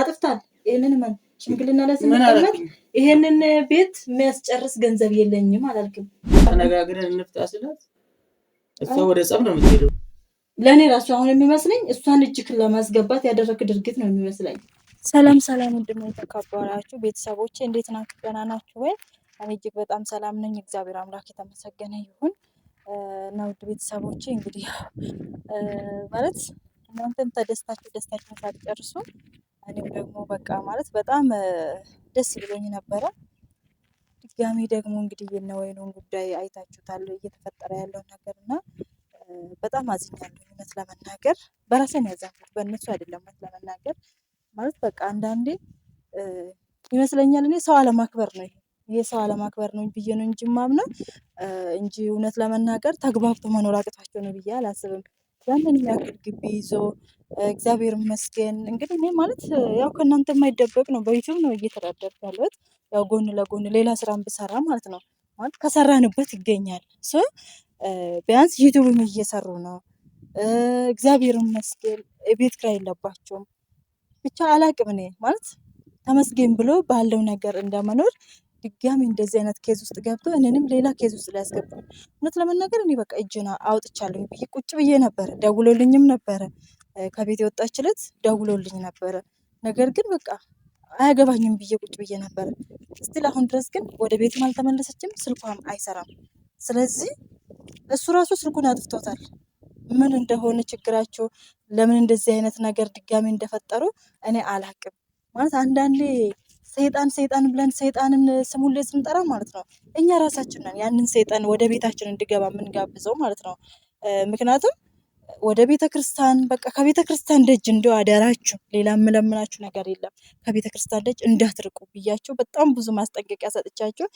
አጥፍታል። ይህንን መን ሽምግልና ላይ ስንቀመጥ ይሄንን ቤት የሚያስጨርስ ገንዘብ የለኝም አላልክም? ተነጋግረን እንፍታ ስላት እሷ ወደ ጸብ ነው የምትሄደው። ለእኔ ራሱ አሁን የሚመስለኝ እሷን እጅክን ለማስገባት ያደረግ ድርጊት ነው የሚመስለኝ። ሰላም ሰላም፣ ወንድሞ የተከበራችሁ ቤተሰቦቼ እንዴት ናችሁ? ደህና ናችሁ ወይ? እኔ እጅግ በጣም ሰላም ነኝ። እግዚአብሔር አምላክ የተመሰገነ ይሁን። እና ውድ ቤተሰቦቼ እንግዲህ ማለት እናንተም ተደስታችሁ ደስታችሁን ሳትጨርሱ እኔም ደግሞ በቃ ማለት በጣም ደስ ብሎኝ ነበረ። ድጋሚ ደግሞ እንግዲህ የነወይኑን ጉዳይ አይታችሁታል እየተፈጠረ ያለውን ነገር እና በጣም አዝኛለሁ። እውነት ለመናገር በራሴን ያዘንኩት በእነሱ አይደለም። እውነት ለመናገር ማለት በቃ አንዳንዴ ይመስለኛል እኔ ሰው አለማክበር ነው ይሄ ሰው አለማክበር ነው ብዬ ነው እንጂ ማምነው እንጂ እውነት ለመናገር ተግባብቶ መኖር አቅቷቸው ነው ብዬ አላስብም። ያንን የሚያክል ግቢ ይዞ እግዚአብሔር ይመስገን። እንግዲህ እኔ ማለት ያው ከእናንተ የማይደበቅ ነው፣ በዩቲዩብ ነው እየተዳደር ያለት ያው ጎን ለጎን ሌላ ስራ ብሰራ ማለት ነው ማለት ከሰራንበት ይገኛል። ሶ ቢያንስ ዩቲዩብም እየሰሩ ነው፣ እግዚአብሔር ይመስገን። ቤት ኪራይ የለባቸውም። ብቻ አላቅም እኔ ማለት ተመስገን ብሎ ባለው ነገር እንደመኖር ድጋሚ እንደዚህ አይነት ኬዝ ውስጥ ገብቶ እኔንም ሌላ ኬዝ ውስጥ ሊያስገባል። እውነት ለመናገር እኔ በቃ እጅን አውጥቻለሁ ብዬ ቁጭ ብዬ ነበረ። ደውሎልኝም ነበረ ከቤት የወጣች ዕለት ደውሎልኝ ነበረ። ነገር ግን በቃ አያገባኝም ብዬ ቁጭ ብዬ ነበረ። ስቲል አሁን ድረስ ግን ወደ ቤትም አልተመለሰችም፣ ስልኳም አይሰራም። ስለዚህ እሱ ራሱ ስልኩን አጥፍቶታል። ምን እንደሆነ ችግራቸው፣ ለምን እንደዚህ አይነት ነገር ድጋሚ እንደፈጠሩ እኔ አላቅም። ማለት አንዳንዴ ሰይጣን ሰይጣን ብለን ሰይጣንን ስም ሁሌ ስንጠራ ማለት ነው እኛ ራሳችን ነን ያንን ሰይጣን ወደ ቤታችን እንዲገባ የምንጋብዘው ማለት ነው። ምክንያቱም ወደ ቤተ ክርስቲያን በቃ ከቤተ ክርስቲያን ደጅ እንደው አደራችሁ፣ ሌላ የምለምናችሁ ነገር የለም። ከቤተ ክርስቲያን ደጅ እንዳትርቁ ብያቸው በጣም ብዙ ማስጠንቀቂያ ሰጥቻቸው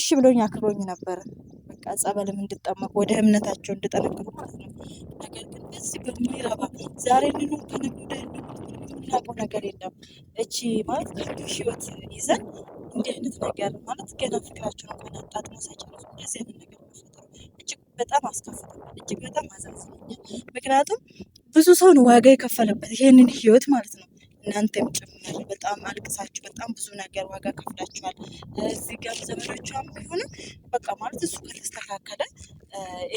እሺ ብሎኝ አክብሮኝ ነበር። በቃ ጸበልም እንድጠመቁ ወደ እምነታቸው እንድጠነክሩ ማለት ነው። ነገር ግን በዚህ በሚረባ ዛሬ ልኖር ከነገ ወዲያ የምናውቀው ነገር የለም። እቺ ማለት ከልጁ ህይወት ይዘን እንዲህ አይነት ነገር ማለት ገና ፍቅራቸውን እንኳን አጣጥሞ ሳይጨርሱ እንደዚህ አይነት ነገር መፈጠሩ እጅግ በጣም አስከፍቶኛል። እጅግ በጣም አዛዝኛል። ምክንያቱም ብዙ ሰውን ዋጋ የከፈለበት ይህንን ህይወት ማለት ነው እናንተም ጭምር በጣም አልቅሳችሁ በጣም ብዙ ነገር ዋጋ ከፍላችኋል። እዚህ ጋር ዘመዶቿም ቢሆንም በቃ ማለት እሱ ከተስተካከለ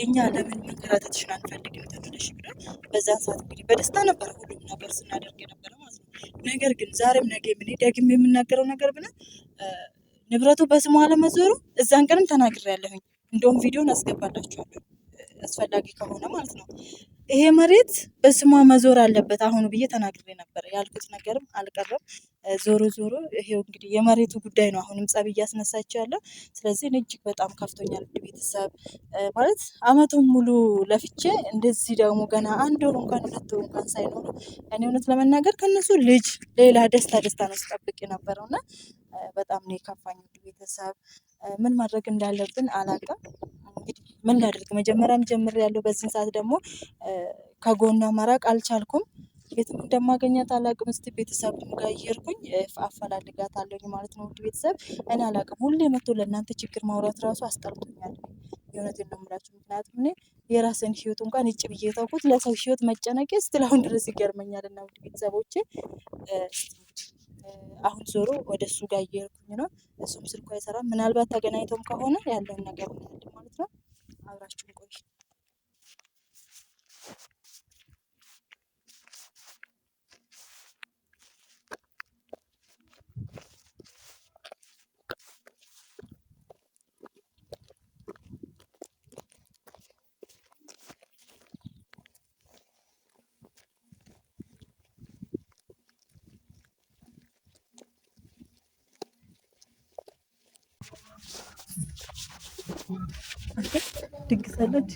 እኛ ለምን መንከራተትሽን አንፈልግም ተብለሽ ብለን በዛን ሰዓት እንግዲህ በደስታ ነበረ ሁሉም ነገር ስናደርግ የነበረ ማለት ነው። ነገር ግን ዛሬም ነገ ምን ደግም የምናገረው ነገር ብለን ንብረቱ በስሙ አለመዞሩ እዛን ቀንም ተናግሬያለሁኝ። እንደውም ቪዲዮን አስገባላችኋለሁ። አስፈላጊ ከሆነ ማለት ነው። ይሄ መሬት በስሟ መዞር አለበት አሁኑ ብዬ ተናግሬ ነበር። ያልኩት ነገርም አልቀረም። ዞሮ ዞሮ ይሄው እንግዲህ የመሬቱ ጉዳይ ነው አሁንም ጸብ እያስነሳቸው ያለው። ስለዚህ እጅግ በጣም ከፍቶኛል። ቤተሰብ ማለት አመቱን ሙሉ ለፍቼ እንደዚህ ደግሞ ገና አንድ ወር እንኳን ሁለት ወር እንኳን ሳይኖሩ እኔ እውነት ለመናገር ከነሱ ልጅ ሌላ ደስታ ደስታ ነው ስጠብቅ የነበረውና በጣም ነው የከፋኝ። ቤተሰብ ምን ማድረግ እንዳለብን አላውቅም። እንግዲህ ምን ላድርግ? መጀመሪያም ጀምር ያለው በዚህን ሰዓት ደግሞ ከጎኗ መራቅ አልቻልኩም። ቤት እንደማገኛት አላውቅም። እስቲ ቤተሰብ ጋር እየሄድኩኝ አለኝ ማለት ነው። ውድ ቤተሰብ እኔ አላውቅም። ሁሌ መቶ ለእናንተ ችግር ማውራት ራሱ አስጠልቶኛል። የእውነቴን ነው የምላችሁ። ምክንያቱም እኔ የራስን ህይወት እንኳን እጭ ብዬ ተውኩት፣ ለሰው ህይወት መጨነቄ ስትል አሁን ድረስ ይገርመኛል። እና ውድ ቤተሰቦቼ አሁን ዞሮ ወደ እሱ ጋር እየሄድኩኝ ነው። እሱም ስልኩ አይሰራም። ምናልባት ተገናኝተውም ከሆነ ያለውን ነገር እናያለን ማለት ነው። አብራችሁን ቆይ ድግሳለች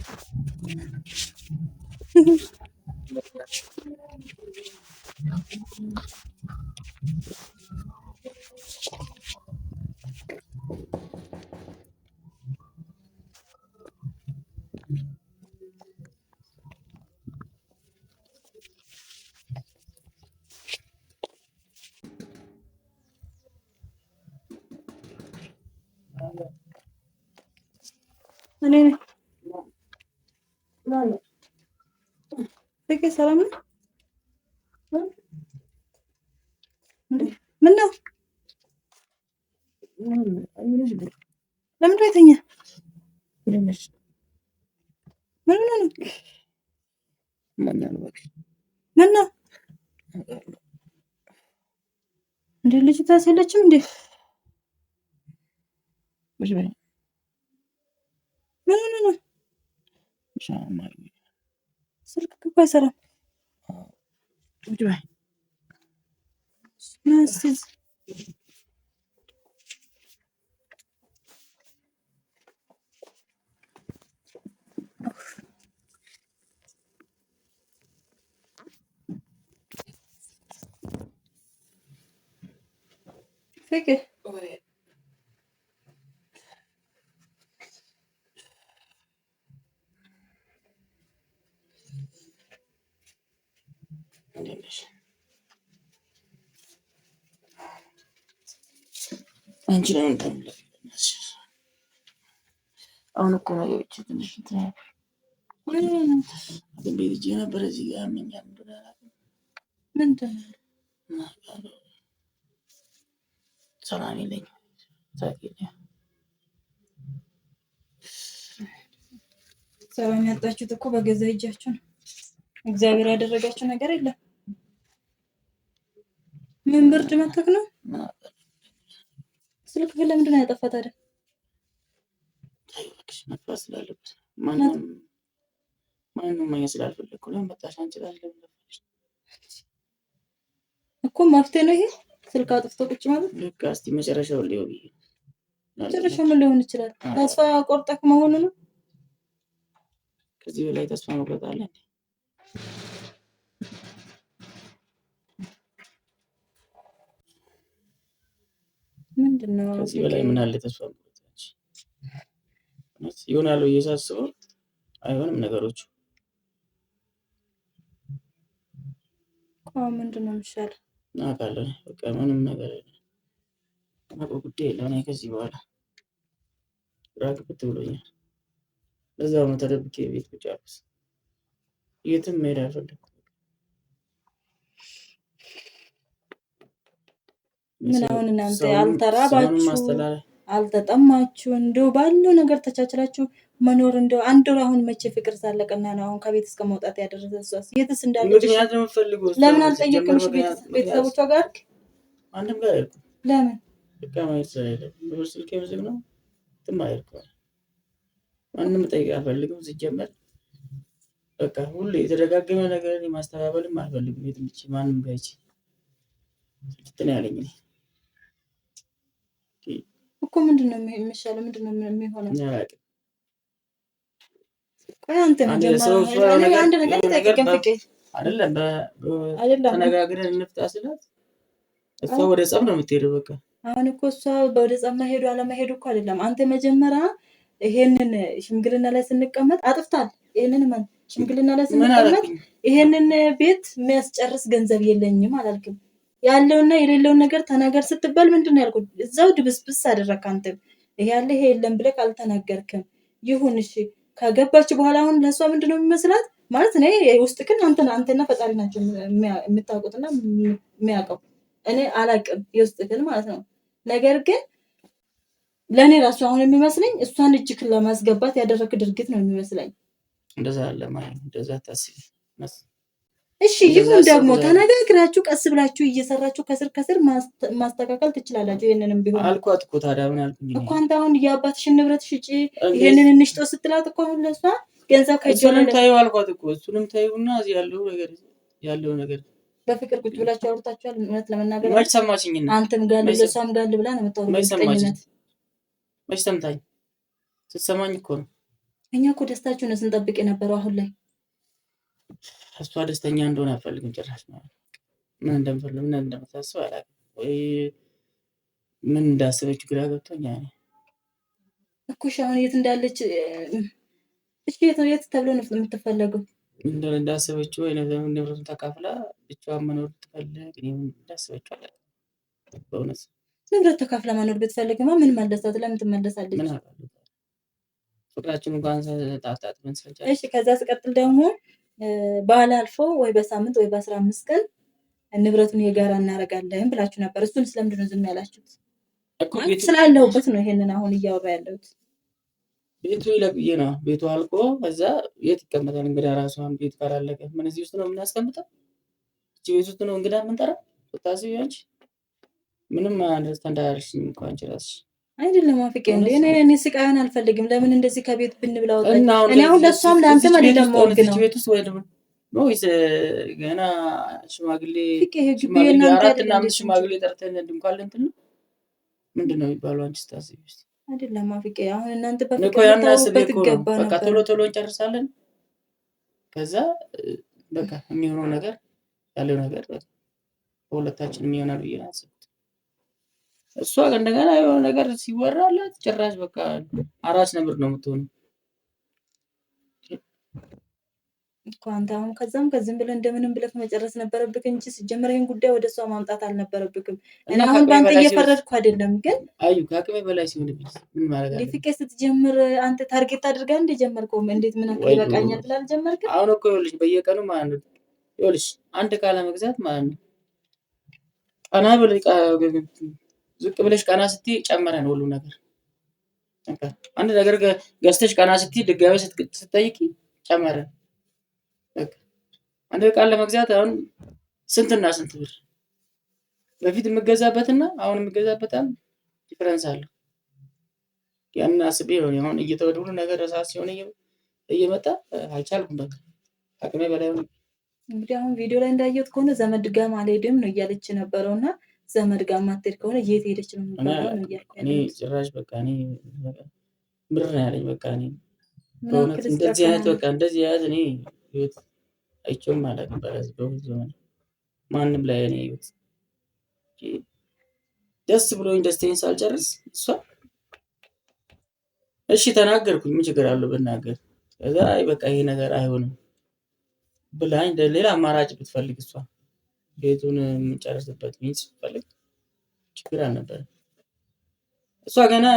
እኔ ነኝ። ሰላም ነው? ምን ነው? ለምን ነው የተኛ? ምን ነው? ምን ነው? እንዴ ልጅ ታስ የለችም እንዴ? No, no, no. Shawn Michaels. Será que vai ser? Muito bem. Nossa. Fica. Oi. አንቺ ነው አሁን እኮ ነገሮች ትንሽ ቤት ነበረ እዚህ ጋ ያመኛል ሰላም የለኝም። ሰላም ያጣችሁት እኮ በገዛ እጃችሁ ነው። እግዚአብሔር ያደረጋችሁ ነገር የለም። ምን ብርድ መጥቶክ ነው? ስልክ ግን ለምንድን ነው ያጠፋ ታዲያ? ማንም ማየት መጣሽ አንቺ እኮ መፍትሄ ነው ይሄ ስልክ አጥፍቶ ቁጭ ማለት። በቃ መጨረሻው ሊሆን መጨረሻው ምን ሊሆን ይችላል? ተስፋ ቆርጠክ መሆኑ ነው። ከዚህ በላይ ተስፋ መቁረጥ አለ። ምንድነው ከዚህ በላይ ምን አለ? ተስፋ ይሆናል ብዬ ሳስበው አይሆንም ነገሮቹ። አሁን ምንድነው የሚሻለው? እናውቃለን። በቃ ምንም ነገር የለም። ጉዳይ የለም። እኔ ከዚህ በኋላ ግራ ግብት ብሎኛል። ለዛ ነው ተደብቄ ቤት ስ የትም መሄድ አልፈልግም። ምን አሁን እናንተ አልተራባችሁ አልተጠማችሁ፣ እንደው ባለው ነገር ተቻችላችሁ መኖር እንደው አንድ ወር አሁን መቼ ፍቅር ሳለቀና ነው አሁን ከቤት እስከ መውጣት ያደረሰ እሷስ የትስ እንዳለች ለምን አልጠየቅምሽ? ቤተሰቦቿ ጋር አንድም ለምን ማንም ጠይቅ አልፈልግም። ሲጀመር በቃ ሁሉ የተደጋገመ ነገር ማስተባበልም አልፈልግም። የትምች ማንም ጋይች ስልትን ያለኝ እኮ ምንድን ነው የሚሻለው? ምንድን ነው የሚሆነው? አንድ ነገር ጠቅቀን ፍቄ አይደለም ተነጋግረን እንፍታ ስላት እሷ ወደ ጸብ ነው የምትሄደው። በቃ አሁን እኮ እሷ ወደ ጸብ መሄዱ አለመሄዱ እኮ አይደለም። አንተ መጀመሪያ ይሄንን ሽምግልና ላይ ስንቀመጥ አጥፍታል። ይሄንን ማን ሽምግልና ላይ ስንቀመጥ ይሄንን ቤት የሚያስጨርስ ገንዘብ የለኝም አላልክም? ያለውና የሌለውን ነገር ተናገር ስትባል ምንድን ነው ያልኩት? እዛው ድብስብስ አደረግ። አንተም ይሄ ያለ ይሄ የለም ብለህ አልተናገርክም። ይሁን እሺ። ከገባች በኋላ አሁን ለእሷ ምንድን ነው የሚመስላት ማለት እኔ ውስጥ ግን አንተና ፈጣሪ ናቸው የምታውቁትና የሚያውቀው እኔ አላቅም፣ የውስጥ ግን ማለት ነው። ነገር ግን ለእኔ ራሱ አሁን የሚመስለኝ እሷን እጅክን ለማስገባት ያደረግ ድርጊት ነው የሚመስለኝ። እንደዛ ያለ ማለት እንደዛ ታስብ እሺ ይሁን ደግሞ ተነጋግራችሁ ቀስ ብላችሁ እየሰራችሁ ከስር ከስር ማስተካከል ትችላላችሁ። ይህንንም ቢሆን አልኳት እኮ ታዲያ ምን አልኩኝ እኮ አንተ አሁን የአባትሽን ንብረት ሽጪ ይህንን እንሽጦ ስትላት እኮ አሁን ለሷ ገንዘብ ከእሱንም ታዩ አልኳት እኮ እሱንም ታዩና እዚህ ያለው ነገር ያለው ነገር በፍቅር ቁጭ ብላችሁ አውርታችኋል። እውነት ለመናገር መች ሰማችኝና አንተም ጋል ለሷም ጋል ብላ ነው ሰማችኝ መች ሰምታኝ ስትሰማኝ እኮ ነው እኛ እኮ ደስታችሁ ነው ስንጠብቅ የነበረው አሁን ላይ እሷ ደስተኛ እንደሆነ አልፈልግም ጭራሽ ማለት ምን እንደምፈልግ ምን እንደምታስብ አላውቅም። ወይ ምን እንዳስበች ግራ ገብቶኛ እኮ እሺ፣ አሁን የት እንዳለች እሺ፣ የት የት ተብሎ ነው የምትፈለገው? እንደሆነ እንዳስበችው ወይ ንብረቱን ተካፍላ ብቻዋን መኖር ትፈልግ እንዳስበችው አለ በእውነት ንብረት ተካፍላ መኖር ብትፈልግማ ምን መለሳት? ለምን ትመለሳለች? ፍቅራችን እንኳን ታጣጥመን ስፈጫ። እሺ፣ ከዛ ስቀጥል ደግሞ በዓል አልፎ ወይ በሳምንት ወይ በአስራ አምስት ቀን ንብረቱን የጋራ እናደርጋለን ብላችሁ ነበር። እሱን ስለምንድን ነው ዝም ያላችሁት? ስላለሁበት ነው ይሄንን አሁን እያወራ ያለሁት። ቤቱ ይለብዬ ነው። ቤቱ አልቆ እዛ የት ይቀመጣል እንግዳ? ራሷን ቤት ካላለቀ ምን እዚህ ውስጥ ነው የምናስቀምጠው? እቺ ቤት ውስጥ ነው እንግዳ የምንጠራ? ወታሲ ቢሆንች ምንም አንደርስታንድ አያደርስም እንኳን ችላስች አይደለም አፍቄ እንደ እኔ እኔ ስቃዩን አልፈልግም። ለምን እንደዚህ ከቤት ብንብላው እኔ አሁን ለእሷም ለአንተም አይደለም ወርግ ነው ቤት ውስጥ ወይም ወይስ ገና ሽማግሌ አራት እና አምስት ሽማግሌ ጠርተን ድምካለ እንትን ነው ምንድን ነው የሚባለው? አንቺ ስታስቢ ውስጥ አይደለም አፍቄ አሁን እናንተ በፍቅርበት ገባ በቃ ቶሎ ቶሎ እንጨርሳለን። ከዛ በቃ የሚሆነው ነገር ያለው ነገር በሁለታችን የሚሆናል ብዬ አስብ እሷ እንደገና የሆነ ነገር ሲወራላት ጭራሽ በቃ አራስ ነብር ነው የምትሆነው። ኳንታሁን ከዛም ከዚህም ብለህ እንደምንም ብለህ መጨረስ ነበረብክ እንጂ ስጀምር ይህን ጉዳይ ወደ እሷ ማምጣት አልነበረብክም። እና አሁን በአንተ እየፈረድኩ አይደለም፣ ግን አዩ ከአቅሜ በላይ ሲሆንብኝ ምን ማለት ነው? ፍቄ ስትጀምር አንተ ታርጌት አድርጋ እንደጀመርከውም እንዴት ምን አክል ይበቃኛል ብላ አልጀመርክም። አሁን እኮ ይኸውልሽ፣ በየቀኑ ማለት ነው ይኸውልሽ፣ አንድ ዕቃ ለመግዛት ማለት ነው ቀና ብለህ ዝቅ ብለሽ ቀና ስቲ ጨመረ ነው ሁሉ ነገር። አንድ ነገር ገዝተሽ ቀና ስቲ ድጋሚ ስትጠይቂ ጨመረ። አንድ ቃል ለመግዛት አሁን ስንትና ስንት ብር በፊት የምገዛበትና አሁን የምገዛበት ዲፈረንስ አለው። ያን አስቤ ሆ አሁን እየተወደ ሁሉ ነገር ረሳ ሲሆን እየመጣ አልቻልኩም። በቃ አቅሜ በላይ ሆነ። እንግዲህ አሁን ቪዲዮ ላይ እንዳየሁት ከሆነ ዘመድ ጋር አልሄድም ነው እያለች የነበረው እና ዘመድ ጋር ማትሄድ ከሆነ የት ሄደች ነው እኔ ጭራሽ በቃ እኔ ምር ያለኝ። በቃ እንደዚህ አይነት በቃ እንደዚህ አይነት እኔ ህይወት አይቼውም አላውቅም። በራሴ በብዙ ዘመን ማንም ላይ እኔ ህይወት ደስ ብሎኝ ደስተኝ ሳልጨርስ እሷ እሺ ተናገርኩኝ፣ ምን ችግር አለው ብናገር። ከዛ በቃ ይሄ ነገር አይሆንም ብላኝ ሌላ አማራጭ ብትፈልግ እሷ ቤቱን የምጨርስበት ሚን ፈልግ ችግር አልነበረ። እሷ ገና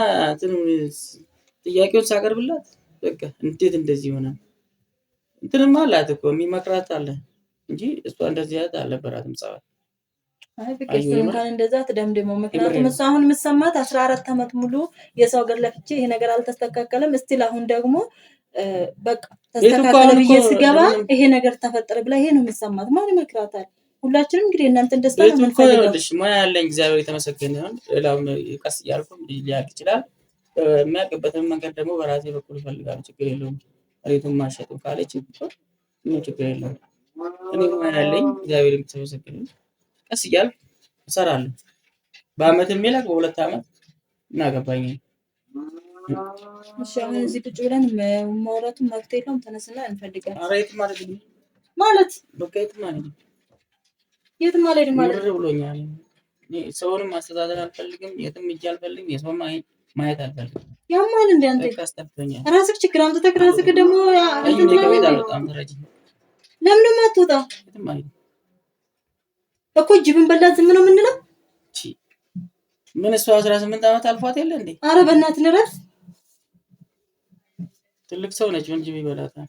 ጥያቄውን ሳቀርብላት በቃ እንዴት እንደዚህ ሆነ እንትንም አላት እኮ የሚመክራት አለ እንጂ እሷ እንደዚህ ያት አልነበራትም ጸባይ። እንኳን እንደዛ ትደምድመው። ምክንያቱም እሷ አሁን የምሰማት አስራ አራት ዓመት ሙሉ የሰው ገር ለፍቼ ይሄ ነገር አልተስተካከለም እስቲል አሁን ደግሞ በቃ ተስተካከለ ብዬ ስገባ ይሄ ነገር ተፈጠረ ብላ ይሄ ነው የምሰማት። ማን ይመክራታል? ሁላችንም እንግዲህ እናንተን ደስታ ነው የምንፈልገው። ሙያ ያለኝ እግዚአብሔር የተመሰገነ ይሁን። ሌላውን ቀስ እያልኩ ሊያቅ ይችላል። የሚያቅበትን መንገድ ደግሞ በራሴ በኩል ይፈልጋል። ችግር የለውም። መሬቱን ማሸጡ ካለ ችግር ችግር የለውም። እኔ ሙያ ያለኝ እግዚአብሔር የተመሰገነ ቀስ እያልኩ እሰራለሁ። በአመት የሚላቅ በሁለት አመት እናገባኛል። አሁን እዚህ ቁጭ ብለን መውረቱን መብት የለውም። ተነስና እንፈልጋለን ማለት ማለት ነው የትም አልሄድም ማለት ብሎኛል። ሰውንም ማስተዳደር አልፈልግም። የትም እጅ አልፈልግም። የሰው ማየት አልፈልግም። ያማል እንደ አንተ ራስህ ችግር ደግሞ ለምን እኮ ጅብን በላት ዝም ነው የምንለው። ምን እሷ አስራ ስምንት ዓመት አልፏት የለ እንዴ? አረ በእናትህ ትልቅ ሰው ነች፣ ምን ጅብ ይበላታል?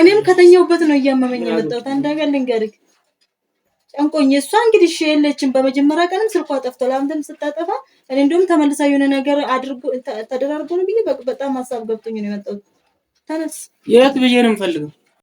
እኔም ከተኛውበት ነው እያመመኝ የመጣሁት። አንድ ነገር ልንገርህ ጨንቆኝ። እሷ እንግዲህ እሺ የለችም። በመጀመሪያ ቀንም ስልኳ ጠፍቶ ለአንተም ስታጠፋ እኔ እንደውም ተመልሳ የሆነ ነገር አድርጎ ተደራርጎ ነው ብዬ በጣም ሀሳብ ገብቶኝ ነው የመጣሁት። ተነስ የት ብዬ ነው የምፈልገው